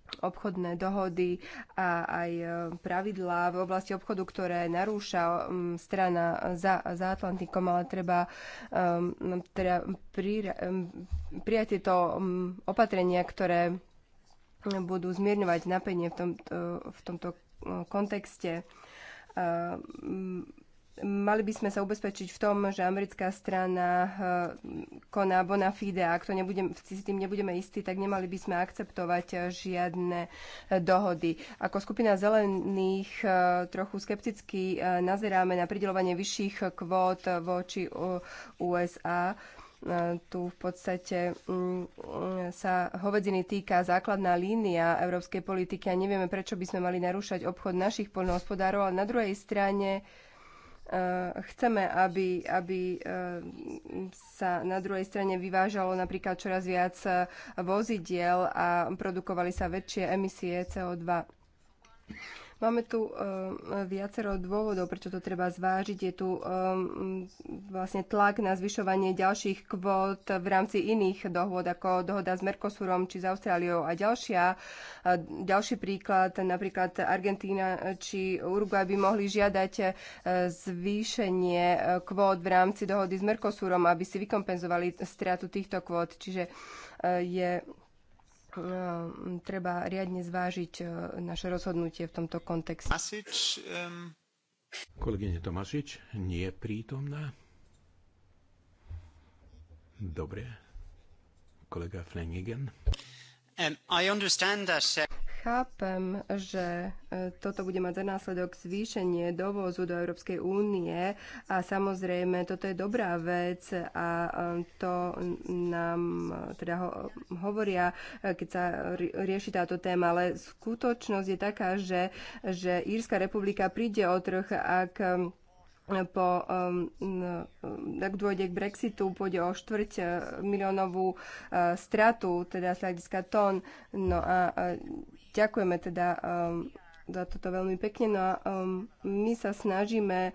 obchodné dohody a aj um, pravidlá v oblasti obchodu, ktoré narúša um, strana za, za Atlantikom, ale treba, um, teda pri, um, prijať tieto um, opatrenia, ktoré budú zmierňovať napätie v tomto, e, v tomto e, kontexte. E, mali by sme sa ubezpečiť v tom, že americká strana koná bona fide. Ak to nebudem, si tým nebudeme istí, tak nemali by sme akceptovať žiadne dohody. Ako skupina zelených trochu skepticky nazeráme na pridelovanie vyšších kvót voči USA E, tu v podstate mm, e, sa hovedziny týka základná línia európskej politiky a nevieme, prečo by sme mali narúšať obchod našich poľnohospodárov, ale na druhej strane e, chceme, aby, aby sa na druhej strane vyvážalo napríklad čoraz viac vozidiel a produkovali sa väčšie emisie CO2. Máme tu eh, viacero dôvodov, prečo to treba zvážiť. Je tu eh, vlastne tlak na zvyšovanie ďalších kvót v rámci iných dohôd, ako dohoda s Mercosurom či s Austráliou a ďalšia. Eh, ďalší príklad, napríklad Argentína či Uruguay by mohli žiadať zvýšenie kvót v rámci dohody s Mercosurom, aby si vykompenzovali stratu týchto kvót. Čiže je E, treba riadne zvážiť e, naše rozhodnutie v tomto kontexte. Asič, um... Kolegyne Tomašič nie je prítomná. Dobre. Kolega Flanagan. Um, I understand that... Chápem, že e, toto bude mať za následok zvýšenie dovozu do Európskej únie a samozrejme toto je dobrá vec a e, to nám e, teda ho, hovoria, keď sa rieši táto téma, ale skutočnosť je taká, že, že Írska republika príde o trh, ak po, um, um, ak dôjde k Brexitu, pôjde o štvrť miliónovú uh, stratu, teda z hľadiska tón. No a ďakujeme teda um, za toto veľmi pekne. No a my sa snažíme uh,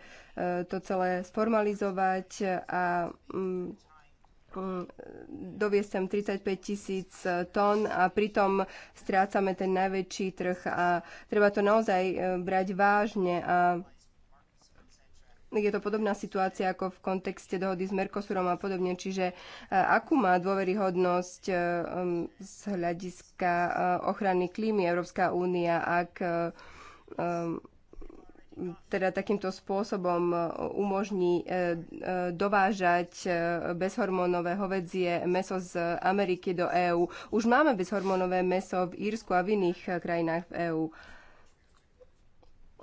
to celé sformalizovať a doviesť sem 35 tisíc uh, tón a pritom strácame ten najväčší trh a treba to naozaj brať vážne a je to podobná situácia ako v kontexte dohody s Mercosurom a podobne, čiže e, akú má dôveryhodnosť e, z hľadiska e, ochrany klímy Európska únia, ak teda takýmto spôsobom umožní dovážať bezhormónové hovedzie meso z Ameriky do EÚ. Už máme bezhormónové meso v Írsku a v iných krajinách v EÚ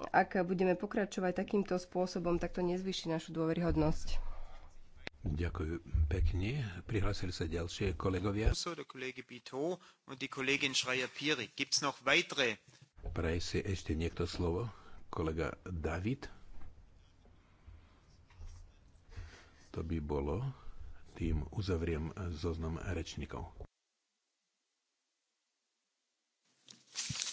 ak budeme pokračovať takýmto spôsobom, tak to nezvyši našu dôveryhodnosť. Ďakujem pekne. Prihlásili sa ďalšie kolegovia. Praje si ešte niekto slovo? Kolega David? To by bolo. Tým uzavriem zoznam rečníkov.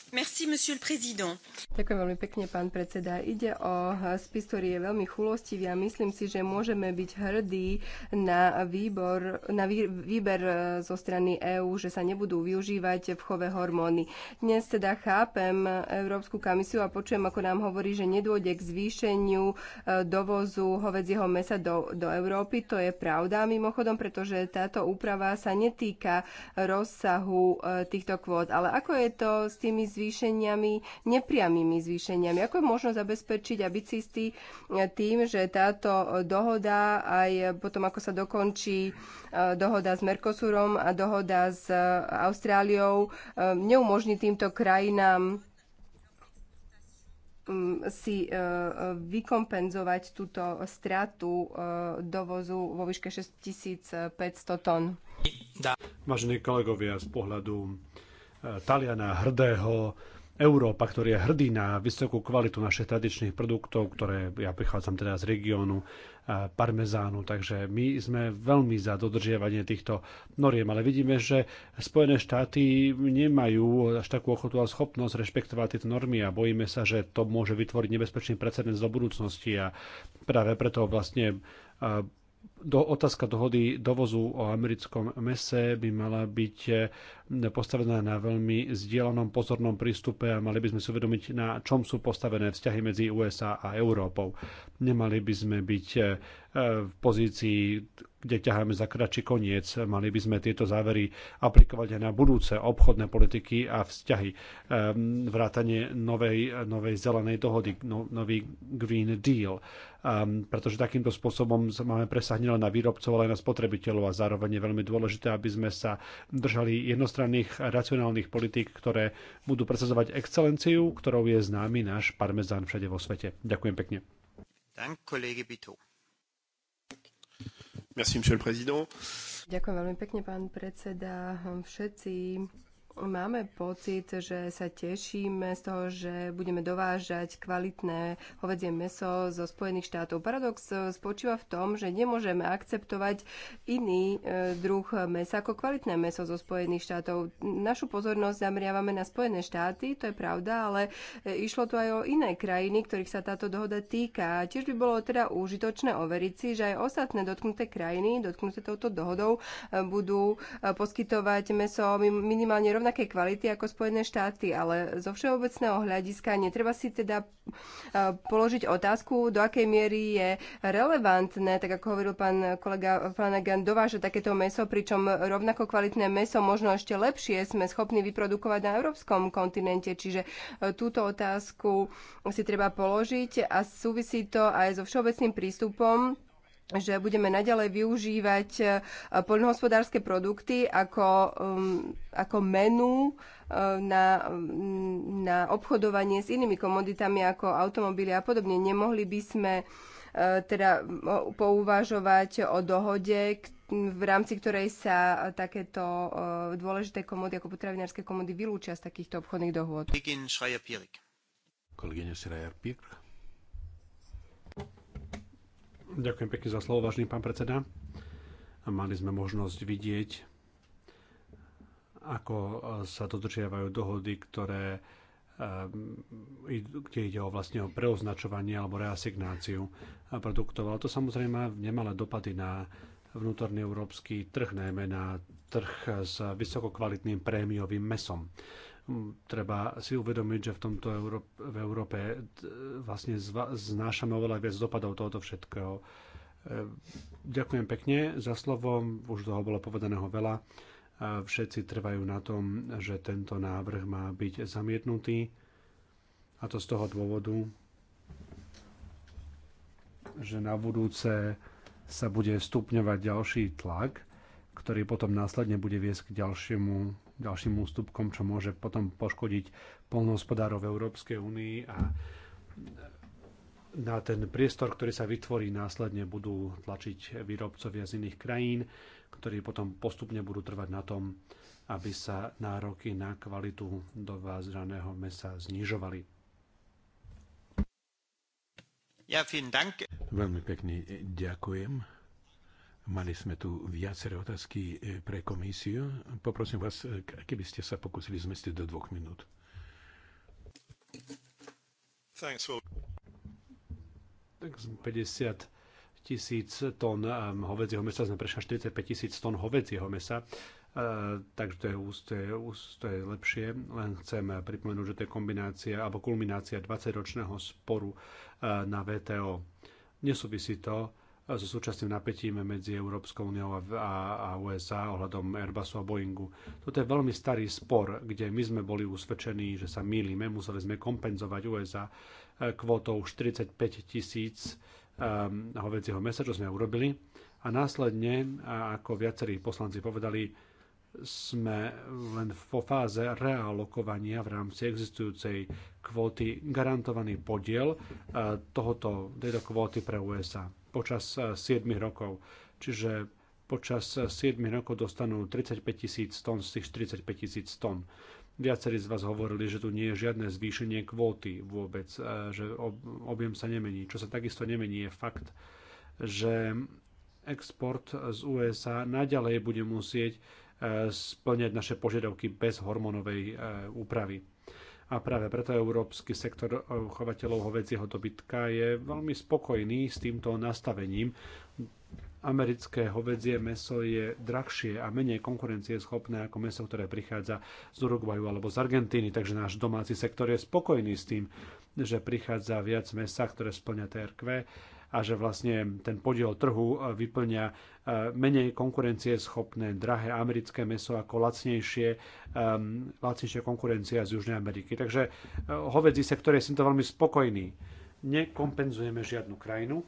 Ďakujem veľmi pekne, pán predseda. Ide o spis, ktorý je veľmi chulostivý a myslím si, že môžeme byť hrdí na, výbor, na výber eh, zo strany EÚ, že sa nebudú využívať vchové hormóny. Dnes teda chápem Európsku komisiu a počujem, ako nám hovorí, že nedôjde k zvýšeniu eh, dovozu hovedzieho mesa do, do Európy. To je pravda mimochodom, pretože táto úprava sa netýka rozsahu eh, týchto kvót. Ale ako je to s tými zvýšeniami, nepriamými zvýšeniami. Ako je možno zabezpečiť a byť e, tým, že táto e, dohoda aj e, potom, ako sa dokončí dohoda s Mercosurom a dohoda s Austráliou, neumožní týmto krajinám mm, si vykompenzovať túto stratu dovozu vo výške 6500 tón. Vážení kolegovia, z pohľadu Taliana hrdého, Európa, ktorý je hrdý na vysokú kvalitu našich tradičných produktov, ktoré ja prichádzam teda z regiónu e, Parmezánu, takže my sme veľmi za dodržiavanie týchto noriem, ale vidíme, že Spojené štáty nemajú až takú ochotu a schopnosť rešpektovať tieto normy a bojíme sa, že to môže vytvoriť nebezpečný precedens do budúcnosti a práve preto vlastne e, do, otázka dohody dovozu o americkom mese by mala byť eh, postavená na veľmi zdieľanom pozornom prístupe a mali by sme si uvedomiť, na čom sú postavené vzťahy medzi USA a Európou. Nemali by sme byť eh, v pozícii, kde ťaháme za kračí koniec. Mali by sme tieto závery aplikovať aj na budúce obchodné politiky a vzťahy. Ehm, Vrátanie novej, novej zelenej dohody, no, nový Green Deal. Ehm, pretože takýmto spôsobom máme presahne nielen na výrobcov, ale aj na spotrebiteľov a zároveň je veľmi dôležité, aby sme sa držali jednostranných racionálnych politík, ktoré budú presadzovať excelenciu, ktorou je známy náš parmezán všade vo svete. Ďakujem pekne. Dank, kolege Bito. Merci, Ďakujem veľmi pekne, pán predseda. Všetci máme pocit, že sa tešíme z toho, že budeme dovážať kvalitné hovedzie meso zo Spojených štátov. Paradox e, spočíva v tom, že nemôžeme akceptovať iný e, druh mesa ako kvalitné meso zo Spojených štátov. Našu pozornosť zameriavame na Spojené štáty, to je pravda, ale e, išlo tu aj o iné krajiny, ktorých sa táto dohoda týka. Tiež by bolo teda užitočné overiť si, že aj ostatné dotknuté krajiny, dotknuté touto dohodou, budú poskytovať meso minimálne rovnaké rovnaké kvality ako Spojené štáty, ale zo všeobecného hľadiska netreba si teda položiť otázku, do akej miery je relevantné, tak ako hovoril pán kolega Flanagan, dovážať takéto meso, pričom rovnako kvalitné meso, možno ešte lepšie, sme schopní vyprodukovať na európskom kontinente. Čiže e, túto otázku si treba položiť a súvisí to aj so všeobecným prístupom že budeme naďalej využívať e, poľnohospodárske produkty ako, um, ako menu e, na, na obchodovanie s inými komoditami ako automobily a podobne. Nemohli by sme e, teda pouvažovať o dohode, v rámci ktorej sa takéto dôležité komody ako potravinárske komody vylúčia z takýchto obchodných dohôd. Kolegyňa Schreier-Pirk. Ďakujem pekne za slovo, vážený pán predseda. A mali sme možnosť vidieť, ako eh, sa dodržiavajú dohody, ktoré eh, kde ide o vlastne o preoznačovanie alebo reasignáciu produktov. Ale to samozrejme má nemalé dopady na vnútorný európsky trh, najmä na trh s vysokokvalitným prémiovým mesom. Hm, treba si uvedomiť, že v tomto Euró- v Európe e, vlastne znášame oveľa viac dopadov tohoto všetkého. E, ďakujem pekne za slovo, už toho bolo povedaného veľa. E, všetci trvajú na tom, že tento návrh má byť zamietnutý. A to z toho dôvodu, že na budúce sa bude stupňovať ďalší tlak, ktorý potom následne bude viesť k ďalšiemu ďalším ústupkom, čo môže potom poškodiť polnohospodárov v Európskej únii a na ten priestor, ktorý sa vytvorí, následne budú tlačiť výrobcovia z iných krajín, ktorí potom postupne budú trvať na tom, aby sa nároky na kvalitu dovázaného mesa znižovali. Ja, Veľmi pekne ďakujem. Mali sme tu viaceré otázky e, pre komisiu. Poprosím vás, e, keby ste sa pokusili zmestiť do dvoch minút. For... Tak 50 e, tisíc tón hovedzieho mesa, sme prešli 45 tisíc tón hovedzieho mesa, takže to je, to, je, to je lepšie. Len chcem pripomenúť, že to je kombinácia alebo kulminácia 20-ročného sporu na VTO. Nesúvisí to so súčasným napätím medzi Európskou úniou a USA ohľadom Airbusu a Boeingu. Toto je veľmi starý spor, kde my sme boli usvedčení, že sa mýlime, museli sme kompenzovať USA kvotou 45 tisíc eh, hovedzieho mesa, čo sme urobili. A následne, ako viacerí poslanci povedali, sme len vo fáze realokovania v rámci existujúcej kvóty garantovaný podiel eh, tohoto, tejto kvóty pre USA počas 7 eh, rokov. Čiže počas 7 eh, rokov dostanú 35 tisíc tón z tých 45 tisíc tón. Viacerí z vás hovorili, že tu nie je žiadne zvýšenie kvóty vôbec, eh, že objem sa nemení. Čo sa takisto nemení je fakt, že export z USA naďalej bude musieť splňať naše požiadavky bez hormonovej úpravy a práve preto európsky sektor chovateľov hovedzieho dobytka je veľmi spokojný s týmto nastavením. Americké hovedzie meso je drahšie a menej konkurencieschopné ako meso, ktoré prichádza z Uruguaju alebo z Argentíny, takže náš domáci sektor je spokojný s tým, že prichádza viac mesa, ktoré splňa TRQ a že vlastne ten podiel trhu e, vyplňa e, menej schopné drahé americké meso ako lacnejšie, um, lacnejšia konkurencia z Južnej Ameriky. Takže hovedzí sa, je som to veľmi spokojný. Nekompenzujeme žiadnu krajinu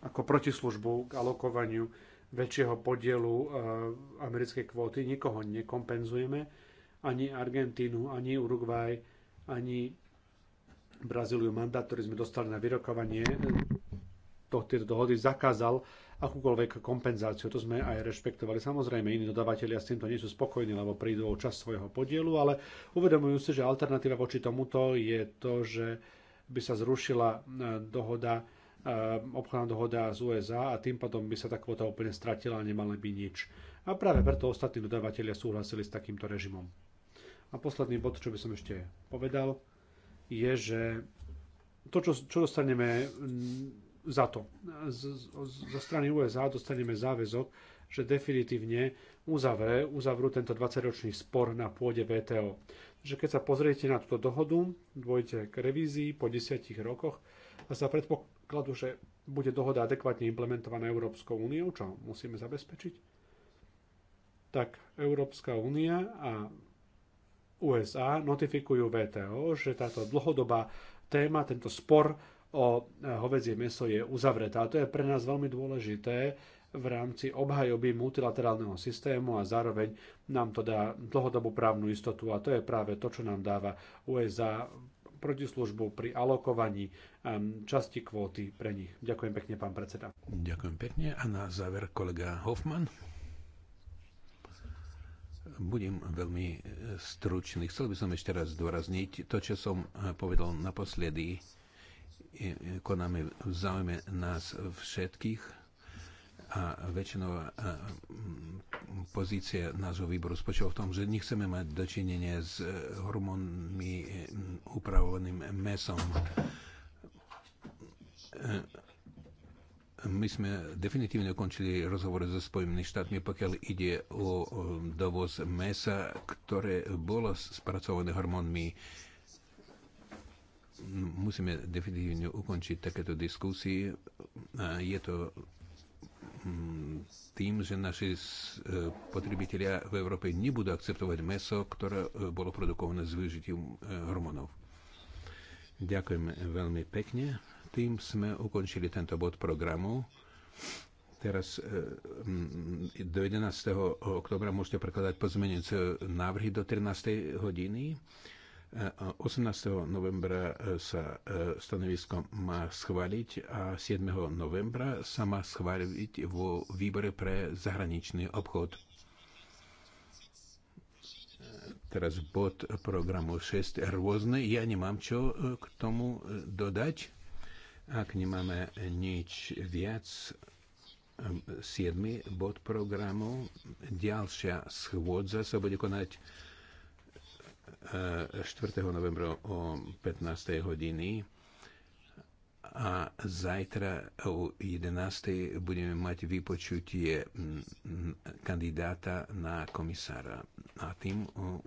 ako protislužbu k alokovaniu väčšieho podielu americkej kvóty. Nikoho nekompenzujeme, ani Argentínu, ani Uruguay, ani Brazíliu mandát, ktorý sme dostali na vyrokovanie e, to, tieto dohody, zakázal akúkoľvek kompenzáciu. To sme aj rešpektovali. Samozrejme, iní dodávateľia s týmto nie sú spokojní, lebo prídu o čas svojho podielu, ale uvedomujú si, že alternatíva voči tomuto je to, že by sa zrušila e, dohoda, e, obchodná dohoda z USA a tým pádom by sa tá kvota úplne stratila a nemala by nič. A práve preto ostatní dodávateľia súhlasili s takýmto režimom. A posledný bod, čo by som ešte povedal, je, že to, čo, čo dostaneme za to. Z, z, zo strany USA dostaneme záväzok, že definitívne uzavre, uzavrú tento 20-ročný spor na pôde VTO. Takže keď sa pozriete na túto dohodu, dôjdete k revízii po 10 rokoch a sa predpokladu, že bude dohoda adekvátne implementovaná Európskou úniou, čo musíme zabezpečiť, tak Európska únia a USA notifikujú VTO, že táto dlhodobá téma, tento spor o e, hovedzie meso je uzavretá. A to je pre nás veľmi dôležité v rámci obhajoby multilaterálneho systému a zároveň nám to dá dlhodobú právnu istotu a to je práve to, čo nám dáva USA protislužbu pri alokovaní časti kvóty pre nich. Ďakujem pekne, pán predseda. Ďakujem pekne a na záver kolega Hoffman. Budem veľmi e, stručný. Chcel by som ešte raz zdôrazniť to, čo som e, povedal naposledy. E, konáme v záujme nás všetkých a väčšinou pozícia nášho výboru spočíva v tom, že nechceme mať dočinenie s hormónmi upravovaným mesom my sme definitívne ukončili rozhovor so Spojenými štátmi, pokiaľ ide o dovoz mesa, ktoré bolo spracované hormónmi. Musíme definitívne ukončiť takéto diskusie. Je to mm, tým, že naši e, potrebitelia v Európe nebudú akceptovať meso, ktoré e, bolo produkované s využitím e, hormónov. Ďakujem veľmi pekne tým sme ukončili tento bod programu. Teraz 19. E, oktobra môžete prekladať pozmenujúce návrhy do 13. hodiny. 18. E, novembra e, sa stanovisko má schváliť a 7. novembra sa má schváliť vo výbore pre zahraničný obchod. Teraz bod programu 6 rôzne. Ja nemám čo k tomu dodať. Ak nemáme nič viac, um, siedmy bod programu, ďalšia schôdza sa bude konať 4. Uh, novembra o 15. hodiny a zajtra o 11. budeme mať vypočutie mm, kandidáta na komisára. A tým uh,